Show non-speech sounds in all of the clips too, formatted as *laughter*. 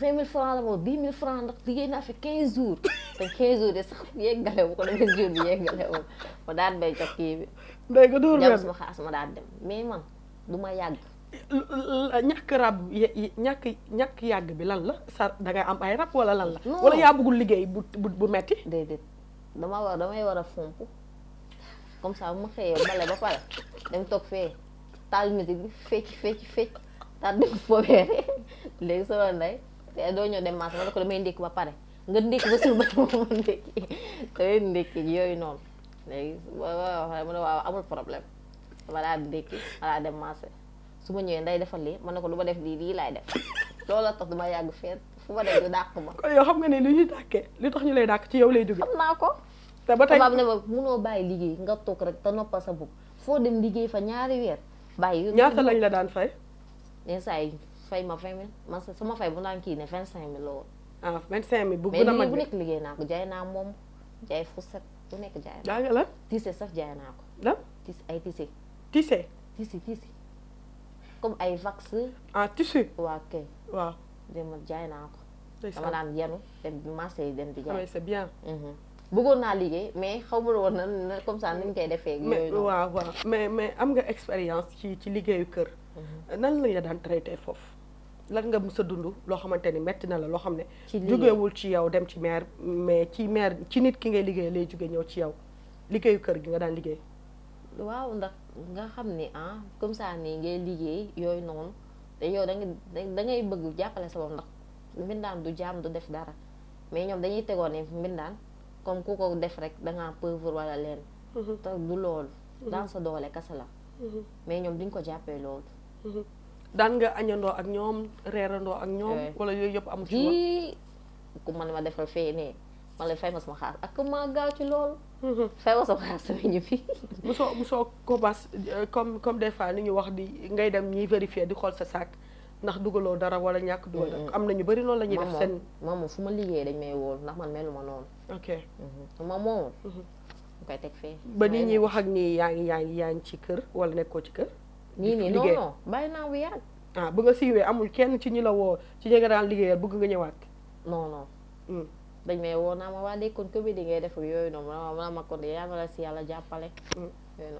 vingt mille franc la moom dix mille franc ndax liggéey naa fi quinze jours te quinze jours de sax yeggale wu ko da jours bi yeggale ma daan bay jox kii bi. day ko ma daan ma yàgg. ñàkk rab yàgg bi lan la sa da ngay am ay rab wala lan la. wala yaa bëggul liggéey bu bu bu metti. déedéet dama war damay war a fomp comme ça bu ma xëyee bale ba pare dem toog fee taal musique bi fecc fecc fecc daal di ko fobeere *laughs* léegi sama ndey. te eh, doo ñëw dem marché ma ne ko damay ndékki ba pare nga ndékki ba suba ba ma mën ndékki damay yooyu noonu léegi waaw mu problème dama daa ndékki ma su ma ñëwee nday defal lii ma ne ko lu ma def lii lii laay def *laughs* loolu a tax duma yàgg fenn fu ma def du dàq ma. kon yow xam nga ne li ñuy dàkkee li tax ñu lay dàkk ci yow lay jógee. xam naa ko. te ba tey tubaab ne ma munoo bàyyi liggéey nga toog rek te noppal sa bopp foo dem liggéey fa ñaari weer bàyyi. ñaata lañ la daan fay. ne fay ma vingt mille man su ma fay bu naan kii ne vingt cinq mille la woon. ah vingt cinq mille bu gën a mag mais bu nekk liggéey naa ko jaay naa moom jaay fourchette bu nekk jaay naa ko. la tissé sax jaay naa ko. lan tissé ay tissé. tissé tissé tissé comme ay vax. ah tissu. waaw kay. waaw dama jaay naa ko. dama daan yanu dem marché yi dem di jaay. c'est bien. bëggoon naa liggéey mais xaw ma woon na comme ça ni ñu koy defee. yooyu noonu waaw waaw mais mais am nga expérience ci ci liggéeyu kër. Mhm. nan lañ la daan traité foofu. lan nga mës a dund loo xamante ni metti na la loo xam ne jógewul ci yow dem ci maire mais ci maire ci nit ki ngay liggéey lay jóge ñëw ci yow liggéeyu kër gi nga daan liggéey waaw ndax nga xam ni ah comme ça nii ngay liggéey yooyu noonu te yow da da ngay bëgg jàppale sa bopp ndax mbindaan du jàmm du def dara mais ñoom dañuy tegoo ne mbindaan comme ku ko def rek da ngaa pauvre wala leen mhm. te du loolu mhm. daan sa doole kasa la mhm. mais ñoom duñ ko jàppee loolu daan nga añandoo ak ñoom reerandoo ak ñoom. Eh. wala yooyu yëpp amu ci woon ku man ma defal fee ne man la fay ma sama xaar ak ma gaaw ci lool. Mm-hmm. fay ma sama xaar sama ñu fi. musoo musoo ko bas comme comme des fois ni ñu wax di ngay dem ñuy vérifier di xool sa sac ndax dugaloo dara wala ñàkk dugal am na ñu bëri loolu la ñuy def seen. moom moom fu ma liggéeyee dañ may wóolu ndax man melu ma noonu. ok mm-hmm. ma moom. Mm-hmm. mu koy teg fee. ba nit ñi wax ak nii yaa ngi yaa ngi yaa ngi ci kër wala nekkoo ci kër. nii nii non bàyyi naa bu yàgg. ah bu nga siiwee amul kenn ci ñi la woo ci ñi nga daan liggéeyal bëgg nga ñëwaat. non mm. dañ may woo naa ma waa kon comédie ngay def yooyu noonu ma ma kon yaa ma la si yàlla jàppale. Mm.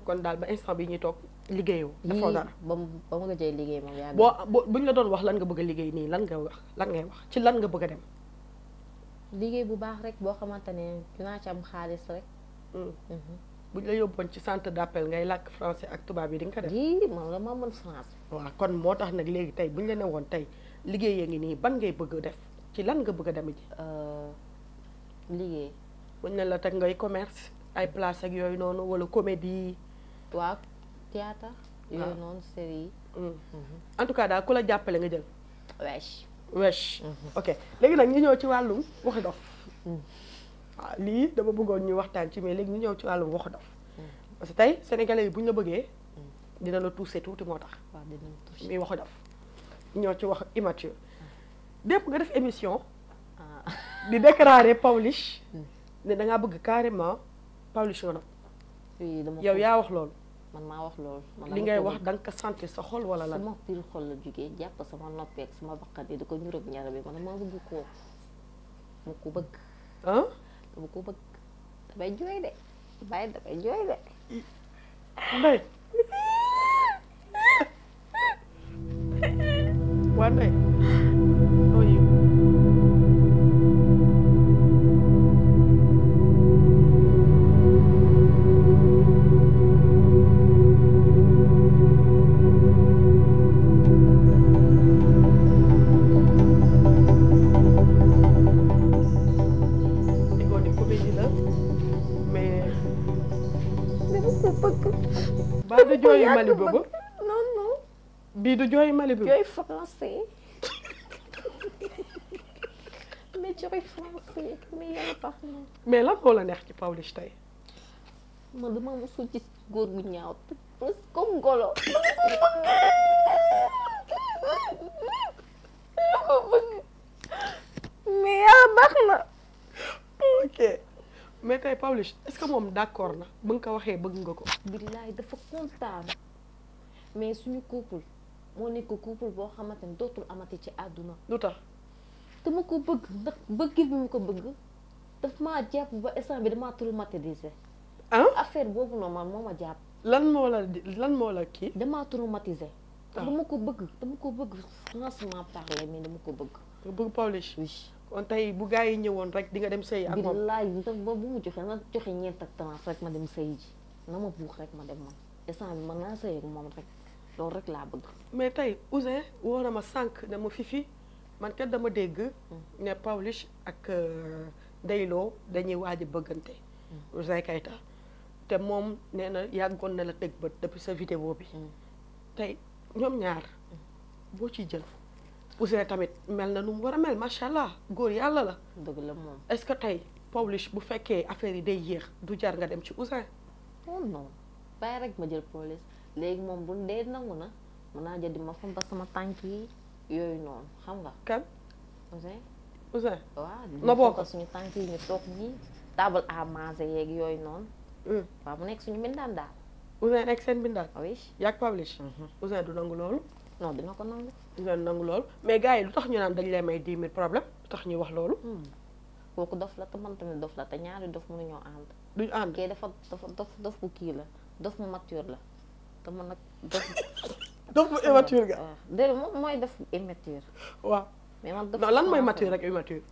kon daal ba instant bi ñu toog liggéeyoo. dafoo dara ba mu ba mu nga jëy liggéey moom yaa boo boo buñ la doon wax lan nga bëgg a liggéey nii lan nga wax lan ngay wax ci lan nga bëgg a dem. liggéey bu baax rek boo xamante ne dinaa ci am xaalis rek. Mm. Mhm. bu ñu la yóbboon ci centre d'appel ngay làkk français ak tubaab yi di nga ko def. yii moom la ma mën français. waaw kon moo tax nag léegi tey bu ñu la ne woon tey liggéey ngi nii ban ngay bëgg def ci lan nga bëgg a demee ji. Euh, liggéey. bu ñu la teg ngay commerce ay place ak yooyu noonu wala comédie. waaw théâtre. yooyu ah. noonu série mm. mhm. en tout cas daal ku la jàppale nga jël. wesh. wesh. Mhm. ok léegi nag ñu ñëw ci wàllum waxi dof. Mm. waaw ah, lii dama bëggoon ñuy waxtaan ci mais léegi ñu ñëw ci wàllum waxu dof parce que tey sénégalais yi bu ñu la bëggee dina la touché tuuti moo tax muy waxu dof ñoo ci wax immature dépp nga def émission ah. di déclarer Pawlish hmm. ne da ngaa bëgg carrément Pawlish nga dof yow yaa wax loolu man maa wax loolu. li ngay wax da nga ko sentir sa xol wala lan. ma biir xol la jugee jàpp sama noppeeg sama bakkan yi di ko ñurub ñaar bi man maa bëgg koo mu ko bëgg. buku terbaik deh baik terbaik deh baik one day jooyu Mali boobu non non. bii du jooyu Mali boobu jooyu français. *laughs* mais jooyu français mais yàlla na. mais lan moo neex ci Pawlish tey. man dama mosul gis góor gu ñaaw comme golo. *laughs* mais yàlla baax na. ok. mais tey Pawlish est-ce que moom d'accord na ba nga ko waxee bëgg nga ko. billaay dafa kontaan mais suñu couple moo ko couple boo xamante ne dootul amati ci àdduna. lu tax dama ko bëgg ndax bëggil bi ko bëgg daf maa jàpp ba instant bi damaa traumatisé. ah affaire boobu noonu man moo ma jàpp. lan moo lan moo la kii. damaa traumatisé. Ah. dama ko bëgg dama ko bëgg franchement parler mais dama ko bëgg. nga bëgg Pawlish. oui. kon tey bu gars yi ñëwoon rek di nga dem sëy ak moom billaay ba bu mu joxe na joxe ñeent ak tamaas rek ma dem sëy ji na ma buux rek ma dem man instant bi mën naa sëy ak moom rek loolu rek laa bëgg mais tey Ouzin woo na ma sànq dama fifi man kat dama dégg hmm. ne Pawlish ak euh, Dayloo dañuy waaj a bëggante hmm. Ouzin Keita te moom nee na yàggoon na la teg bët depuis sa vidéo bi hmm. tey ñoom ñaar boo ci jël Ouzin tamit mel na nu mu war a mel macha allah góor yàlla la. dëgg la moom est-ce que tey Pawlish bu fekkee affaire yi day yéex du jar nga dem ci Ouzin. non oh non bàyyi rek ma jël Pawlish léegi moom bu dee nangu na mu naa jël di ma fomba sama tànk yi yooyu noonu xam nga. kan Ouzin. Ouzin na bokk waaw suñu tànk yi ñu toog nii table à manger yeeg yooyu noonu. Mm. waaw mu nekk suñu mbindaan daal. Ouzin nekk seen mbindaan. Ah oui yaa ngi Pawlish. Mhm. du nangu loolu. non dina ko nangu. dina nangu loolu mais gars yi lu tax ñu naan dañ lay may 10 000 problème lu tax ñuy wax loolu. Hmm. kooku dof la te man tamit dof la te ñaari dof mënuñoo ànd. duñu ànd kii dafa dafa dof dof bu kii la dof mu mature la te man nag dof. *laughs* dof immature ga. waaw moom mooy def immature. waaw mais man dof lan mooy mature rek immature.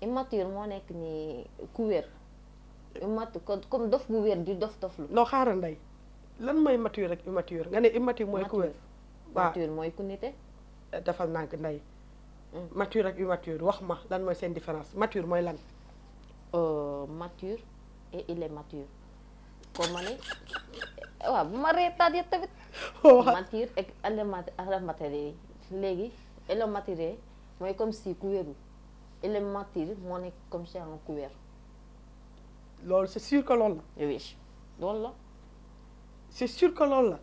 immature moo nekk nii ku wér. immature comme dof bu wér di dof dof lu. non xaaral ndey lan mooy mature rek immature nga ne immature mooy ku mature mooy mm. mature ak immature ma différence mature moi lan. Euh, mature et il est mature comme t'as dit et mature et mature ak comme si couvert Elle il mature moi comme si en couvert Lol, c'est sûr que oui c'est sûr que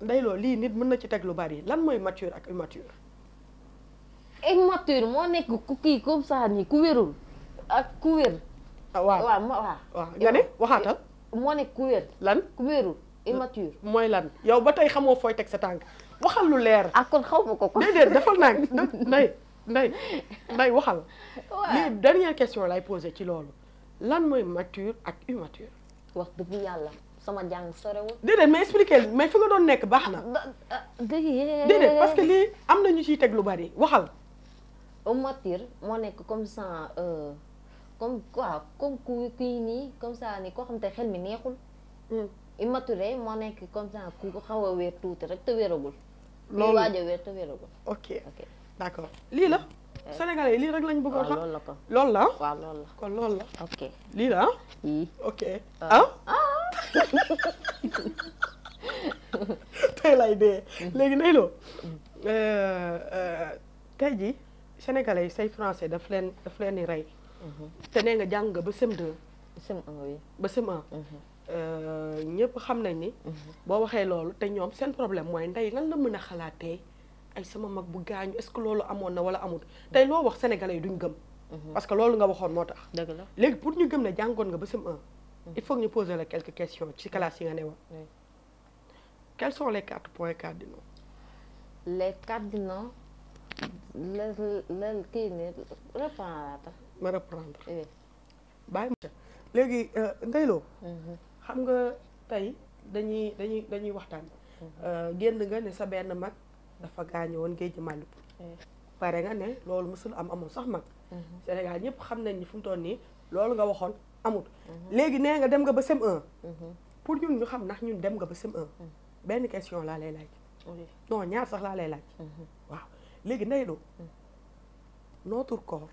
ndeyloo lii nit mën na ci teg lu bari lan mooy mature ak immature. immature moo nekk ku kii comme ça nii ku wérul ak ku wér. Ah, waaw waaw waaw. nga ne waxaatal. moo nekk ku wér. lan ku wérul immature. mooy lan yow ba tey xamoo fooy teg sa tànk waxal lu leer. ak ah, kon xaw ma ko ko. déedéet defal naa *laughs* nday nday nday waxal. waaw lii dernière question lay posé ci loolu lan mooy mature ak immature. wax dëgg yàlla. sama jàng sorewul. déedéet mais expliquer mais fi nga doon nekk baax na. Ah, ah, ah, déedéet parce que lii am na ñu ciy teg lu bari waxal. Omatir moo nekk comme ça euh, comme quoi comme ku kii nii comme ça ni koo xam te xel mi neexul. Hmm. immature moo nekk comme ça ku xaw a weer tuuti rek te wéragul. loolu waaj a wér te lii la. Eh. Sénégalais lii rek lañ bëggoon xam ko loolu la. waaw loolu la kon loolu la. ok lii la euh. ah. ok ah. tey lay dee mm-hmm. léegi nay loo mm-hmm. euh, euh, tey ji sénégalais yi say francais daf leen daf leen di rey mm-hmm. te nee nga jàng ba sem 2 sem ba sem 1 euh, ñëpp xam nañ ni boo waxee loolu te ñoom seen problème mooy ndey lan la mën a xalaatee ay sama mag bu gaañu est-ce que loolu amoon na wala amul tey loo wax sénégalais yi duñ gëm parce que loolu nga waxoon moo tax dëgg la léegi pour ñu gëm ne jàngoon nga ba sem 1 Mm-hmm. il faut que nous poser quelques questions ci wa quels sont les quatre points cardinaux les cardinaux la kii ni reprendre ma reprendre Les ma les euh, mm-hmm. nga tay dañuy dañuy dañuy mm-hmm. euh genn nga né sa mag dafa won Les nga ne les musul am sax mag Sénégal ñëpp xam nañ ni fu mu toll nga amut mhm. léegi nee nga dem nga ba sem 1 mhm. pour ñun ñu xam nak ñun dem nga ba sem 1 mhm. ben question la lay laaj non ñaar sax la lay laaj waaw léegi Ndeye Lo notre corps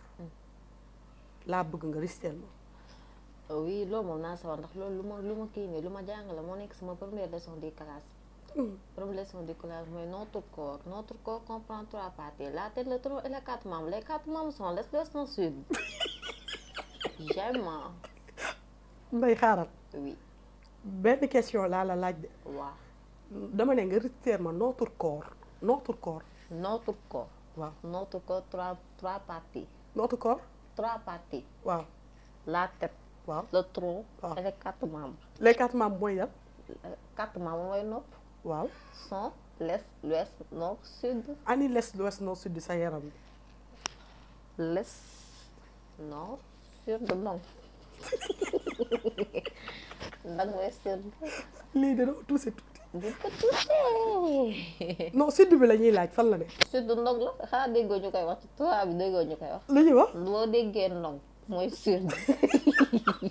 la bëgg nga rester ma oui loolu moom naa sawar ndax loolu luma luma lu ma kii ne la mo nek sama première leçon des classes Problème de des classes mooy notre corps notre corps comprend trois parties la tête le tronc et les quatre membres les quatre membres sont les leçons suivent *laughs* j'aime nday xaaral. benn question laa la laaj de. waaw dama ne nga retirer ma notre corps. notre corps. notre corps. trois trois notre corps. trois parties. waaw la tête. waaw le tronc. waaw quatre membres. les quatre membres mooy yan. Euh, quatre membres mooy nopp. waaw sont l'est nord sud. ani l'est l'ouest nord sud sa yaram bi. l'est nord sud non. nag mooy sédd. lii dana ko tuuse tuuti. du ko bi la ñuy laaj fan la de. sédd ndog la xanaa déggoo ñu koy wax ci tubaab déggoo ñu koy wax. lu ñuy wax. boo déggee ndog mooy sédd.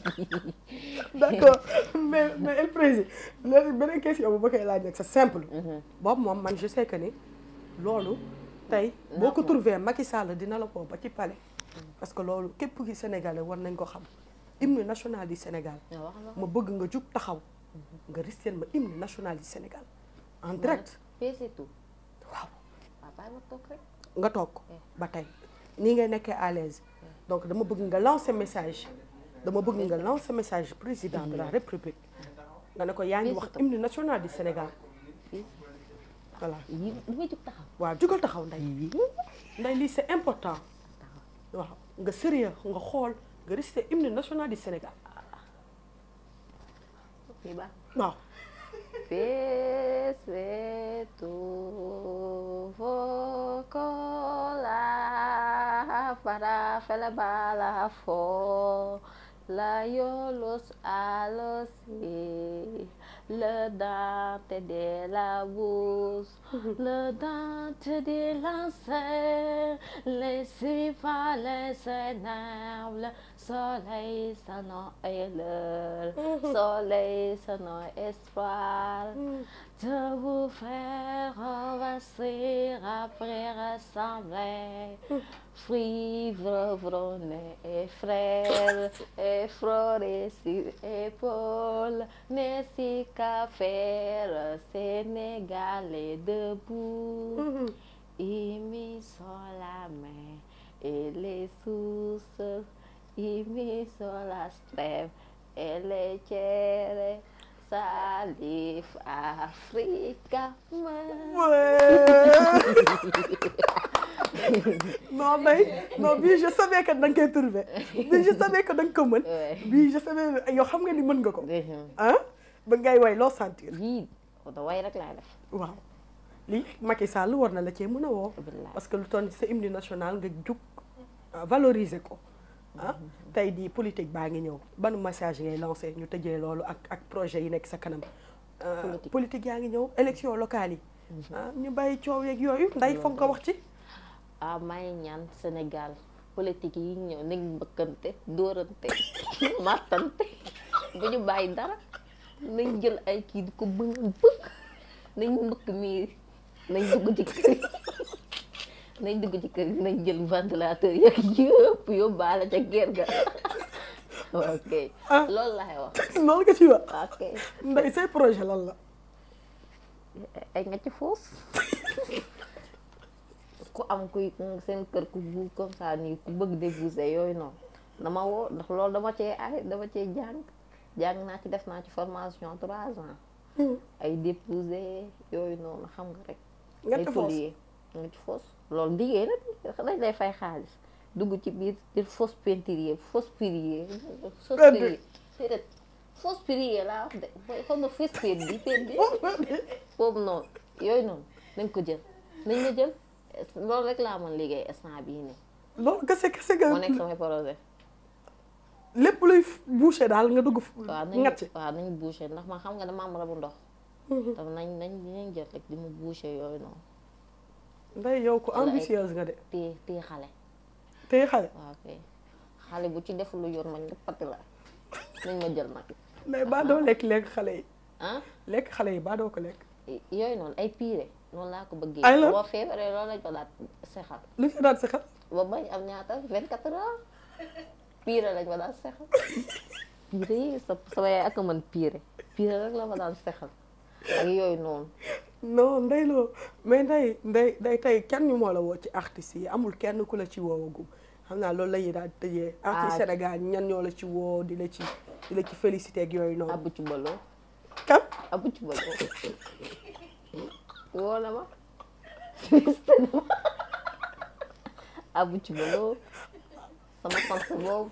*laughs* d'accord mais mais El Président beneen question bu ma koy laaj nag sa simple. Mhm. boobu moom man je sais ni loolu. tey boo ko trouvé Macky Sall dina la ko ba ci palais. parce que loolu képp ki Sénégalais war nañ ko xam. hymne national du Sénégal ah, ma bëgg nga jug taxaw nga ristel ma hymne national du Sénégal en direct o ah, nga toog eh. ba tey nii ngay nekkee à l'aise eh. donc o bëgg nga lancer message dama bëgg nga lancer message président de la république nga ne ko yaa ngi o hymne national du Sénégal eh. voilà waaw jugal taxaw nday nday é c'est important waaw nga sérieux o xool nga réciter hymne national du Sénégal. waaw. Fesveto vocola para felabala for la yolos alos le dante de la bouche Le dent de l'ancêtre les civales s'énervent, le soleil nom est l'heure, soleil son est espoir. Je mm. vous ferai, avancer après rassembler, frivre, mm. vronner et frère, et sur épaule, mais si qu'à faire, Sénégal de debout me -hmm. sur la main et les sources Il me sur la strève et les tiers Salif Africa. *laughs* non, mais, non, bi, je savais que tu allais trouver. Bi, je savais que tu allais faire. Bi, je savais que tu nga ko Hein? Ben, way lo sentir. Oui, rek la lii Macky Sall war na la ci mëna wo parce que lu toll sa hymne national nga jug euh, valoriser ko. hein ah, tay di politique ba nga ñew ban message ngay lancé ñu tëjee lolu ak ak projet yi nek sa kanam. Euh, politique ya nga ñew élection locale yi. hein ñu bàyyi coow yeeg yooyu nday fonko wax ci. ah may ñaan Sénégal politique yi ñew nek mbëkkante dorante *laughs* matante bu ñu bàyyi dara nañ jël ay ki di ko bëgg bëgg nañ mbëkk mi nañ dugg ci kër yi nañ dugg ci kër yi nañ jël ventilateur yeeg yëpp yóbbaale ca ger ga ok ah. loolu laay wax *laughs* loolu nga ci wax ok nday say projet lan la ay nga ci foos ku am kuy seen kër ku buur comme ça nii ku bëgg déguisé yooyu noonu dama woo ndax loolu dama cee ay dama cee jàng jàng naa ci def naa ci formation trois ans hmm. ay déposé yooyu noonu xam nga rek Muito fosse. Muito fosse. Logo dinheiro, mas daí faz errado. Do gutibito, ele fosse pentiria, fosse piria, fosse piria. Espera, fosse piria lá. Quando eu fiz perdi, perdi. Como não? Eu não. Nem é que eu Nem que eu Logo reclamam, liga, essa abinha. Logo, que você quer ser ganho. Conexão é porosa. lépp luy boucher daal nga dugg. waaw nañu boucher ndax ma xam nga dama am rabu ndox. *laughs* tam nañ nañ dinañ jot rek di mu boucher yooyu noonu. nday yow ko ambitieuse nga de. téye xale. téye xale waaw xale bu ci def lu yoon man nga pati la nañ ma jël nag. mais baa doo lekk lekk xale yi. Ah? lekk xale yi baa doo ko lekk. yooyu noonu ay piire noonu laa ko bëggee. ay la boo feebaree loolu lañ ko daal sexal. lu ci daal sexal. ba bañ am ñaata 24 heures piire lañ ma daal sexal *laughs* piire yi sa sama yaay man piire piire rek la ma daan sexal. ak yooyu noonu. non ndeyloo mais nday nday nday tey kenn moo la woo ci artistes yi amul kenn ku la ci woowagum xam naa loolu la daal di tëjee. Ah, artiste Sénégal ñan ñoo la ci woo di la ci di la ci félicité ak yooyu noonu. Abou ci kan Abou Cibolo. ci na sama fans boobu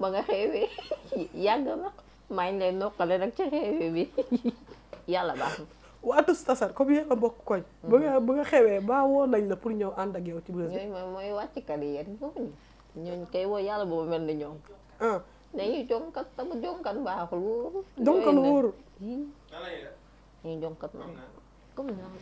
ba nga xeewee *laughs* yàgg na maa ngi lay noqale nag ca xeewee bi. *laughs* yàlla baax na. waa tous tasar comme yéen a bokk koñ. bu nga bu nga xewee ba woo nañ la pour ñëw ànd ak yow ci bés. ñooñu mooy mooy wàcckat yi yéen ñooñu ñooñu kay woo yàlla boobu mel ni ñoom. Ah. dañuy jonkat sama jonkat baaxul wóorul. jonkat wóorul. dañuy jonkat nag comme naan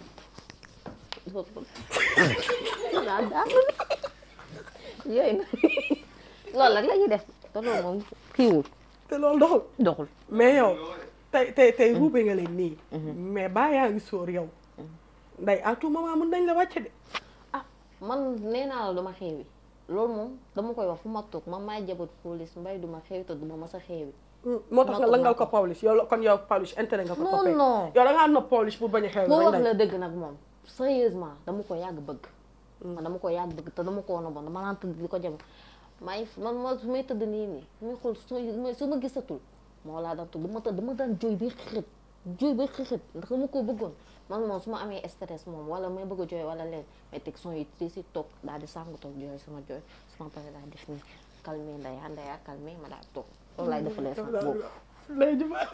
la ñuy def te loolu moom kiiwul. te loolu doxul doxul mais tey tey tey mm-hmm. nga leen nii. Mm-hmm. mais baa a ngi sóor yow. Mm-hmm. nday à tout moment mën nañ la wàcce de. ma ah, man nee naa la duma xeewi loolu moom dama koy wax fu ma toog man maay jabat police ma duma xeewi ma duma mas a mm, moo tax nga langal ko police yow kon yow police intérêt nga ko. non non yow da ngaa nopp police a xeewi. moo wax la dëgg nag ko yàgg bëgg. Mm. man dama ko yàgg bëgg te dama ko woon a bon naan tëdd di ko jëm maa ma su may tëdd nii nii su may xool su ma gisatul. moo laa daan toog dama daan dama daan jooy bay xëxët jooy bay xëxët ndax dama ko bëggoon man moom su ma amee stress moom wala may bëgg jooy wala leen mais teg son yi si toog daal di sàngu toog jooy sama jooy su ma paree daal def nii calmé ndaya ndaya calmé ma daal toog loolu laay defalee sax boobu nday ñu bala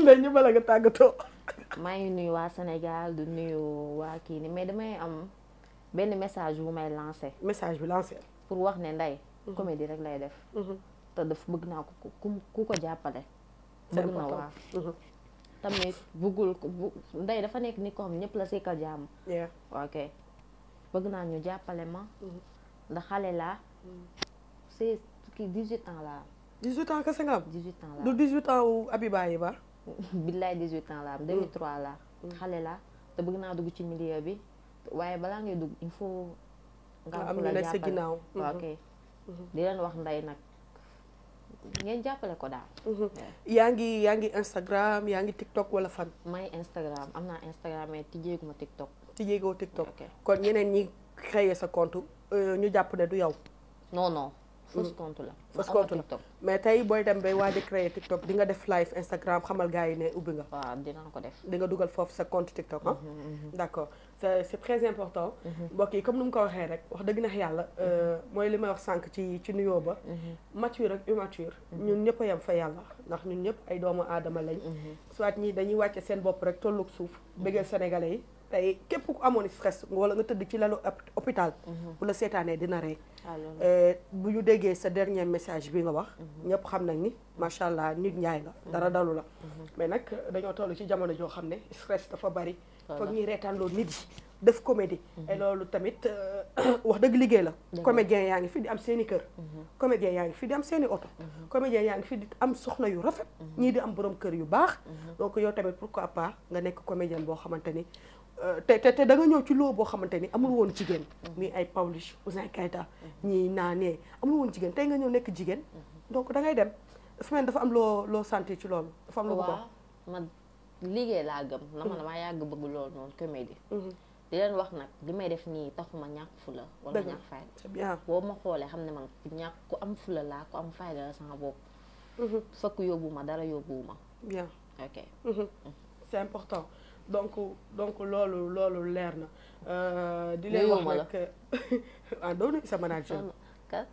nday ñu bala nga tàggatoo maa ngi nuyu waa Sénégal du nuyu waa kii ni mais damay am benn message bu may lancé message bi lancé pour wax ne nday mhm. comédie rek lay def mhm. te daf bëgg naa ko ku ku ko jàppale bëgg na waa uh-huh. tamit bëggul ndey dafa nekk ni ko xam ñëpp la sekkal Yeah, ok bëgg naa ñu jàppale ma uh-huh. ndax xale laa uh-huh. c'est kii 18 ans laa 18 ans kese nga 18 ans laa du 18 ans wu Abiba yi ba *laughs* billaay 18 ans laa am 2003 laa xale laa te bëgg naa dugg ci milieu bi waaye balaa ngay dugg il faut nga am ku la jàppale waaw ok di leen wax ndey nag ngeen jàppale ko daal. Mhm. yaa ngi yaa ngi Instagram yaa ngi TikTok wala fan. may Instagram am naa Instagram mais tijjeeguma TikTok. tijjeegoo TikTok kon ñeneen ñi créer sa compte euh, ñu jàpp ne du yow. non non. fausse mm. compte la. fausse compte la mais tey booy dem bay waaj a créer TikTok di nga def live Instagram xamal gars yi ne ubbi nga. waaw dinaa ko def. di nga dugal foofu sa compte TikTok ah. Mhm, mhm. d'accord. c'est très important. Mhm. mbokk yi comme nu mu ko waxee rek wax dëgg neex yàlla. Mhm. Euh, mooy li may wax sànq ci ci nuyoo ba. Mhm. mature ak immature. ñun ñëpp a yem fa yàlla ndax ñun ñëpp ay doomu aadama lañ. soit ñi dañuy wàcce seen bopp rek tollu suuf. bëggee sénégalais yi tey képp ku amoon stress wala nga tëdd ci lalu hôpital. bu la seetaanee dina rey. Ah, euh, bu ñu déggee sa dernier message bi nga wax. ñëpp xam nañ ni macha allah nit ñaay la dara dalu la. mais nag dañoo toll ci jamono joo xam ne stress bari. foog ñuy reetaan loolu nit yi def comédie mhm. loolu tamit euh, wax dëgg liggéey la comédien yaa ngi fi di am seeni kër mhm. comédien yaa ngi fi di am seen i mhm. comédien yaa ngi fi di am soxna yu rafet ñii di am boroom kër yu baax donc yow tamit pour quoi pas nga nekk comédien boo xamante ni euh, te te te da nga ñëw ci loo boo xamante ni amul woon jigéen mi ay Pawlish Ouzin Keita ñi naanee amul woon jigéen tey nga ñëw nekk jigéen donc dangay dem semaine dafa am loo loo santé ci loolu dafa am loo ko man liggéey laa gëm. dama mm-hmm. damaa yàgg bëgg loolu noonu comédie. Mm-hmm. di leen wax nag li may def nii taxuma ñàkk fula. wala ñàkk fayda boo ma xoolee xam ne man ñàkk ku am fula laa ku am fayda la sama bopp. Mm-hmm. fokk yóbbu ma dara yóbbu ma. bien ok. Mm. c'est donc loolu loolu leer na. Euh, di wax nag *laughs* ah doo nuyu sa manager. Ah, kat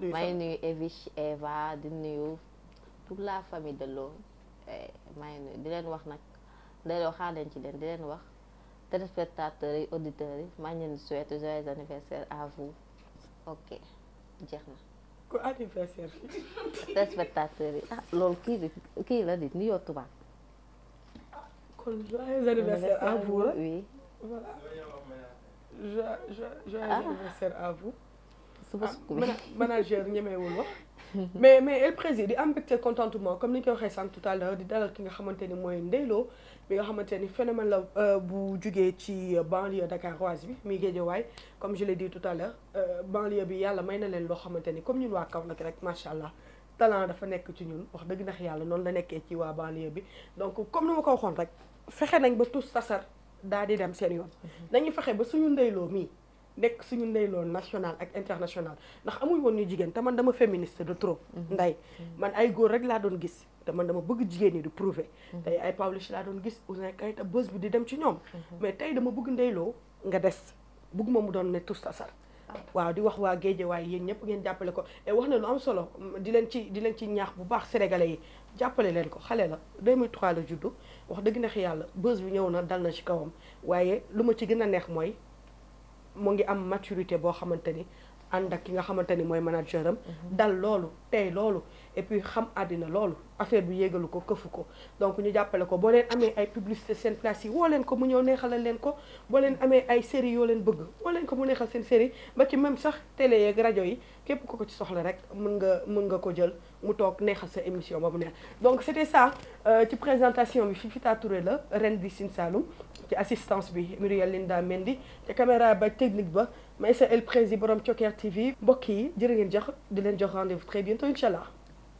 may nuyu Evich Eva di nuyu toute la famille de Lo. maa ngi di leen wax nag delloo xaar leen ci leen di leen wax téléspectateurs yi auditeurs yi maa ngi leen di souhaité joyeux anniversaire à vous ok jeex na. ku anniversaire bi. *laughs* téléspectateurs yi ah loolu kii bi kii la di nuyoo tubaab. kon joyeux anniversaire à vous la oui. voilà joyeux ah. anniversaire à vous. suba ah, sukkul manager ñemewul wax. *laughs* mais mais elle préside di am mbégte contentement comme ni ko waxe sànq tout à l'heure di dalal ki nga xamanteni moy ndeylo mi nga xamanteni phénomène la euh, bu jugee ci euh, banlieue dakaroise bi muy way comme je l'ai dit tout à l'heure euh, banlieue bi yalla may na leen loo comme ñun kaw Kaolack rek machallah talent dafa nek ci ñun wax deug nak yalla non la nekkee ci wa banlieue bi donc comme nous ma ko waxoon rek fexé nañ ba tous tasar daal di dem seen yoon. dañuy mhm. fexé ba suñu ndeylo mi nekk suñu ndeyloo national ak international ndax amuñ woon ñu jigéen te man dama féministe de trop mhm. nday mhm. man ay góor rek laa doon gis te man dama bëgg jigéen ñi du prouver mhm. tey ay Pawlish laa doon gis Ouzin Keita bës bi di dem ci ñoom mais tey dama bëgg ndeyloo nga des bëgguma mu doon ne tous tasar ah. waaw di wax waa géeje waaye yéen ñëpp ngeen jàppale ko et wax na lu am solo di leen ci di leen ci ñaax bu baax sénégalais yi jàppale leen ko xale la 2003 la juddu wax dëgg neex yàlla bës bi ñëw na dal na ci kawam waaye lu ma ci gën a neex mooy mu ngi am maturité boo xamante ni ànd ak ki nga xamante ni mooy mhm. dal loolu tey loolu et puis xam àddina loolu affaire bi yégalu ko këfu ko donc ñu jàppale ko boo leen amee ay publicité seen place yi woo leen ko mu ñëw neexalal leen ko boo leen amee ay série yoo leen bëgg woo leen ko mu neexal seen série ba ci même sax télé yeeg rajo yi képp ko ko ci soxla rek mën nga mën nga ko jël mu toog neexal sa émission ba mu neex donc c'était ça euh, ci présentation bi Fifita Touré la reine di sin Saloum assistance bi Muriel Linda Mendy la caméra ba technique ba Maïssa El Prezi borom Thioker TV mbokk yi jërë jox di jox rendez-vous très bientôt inchallah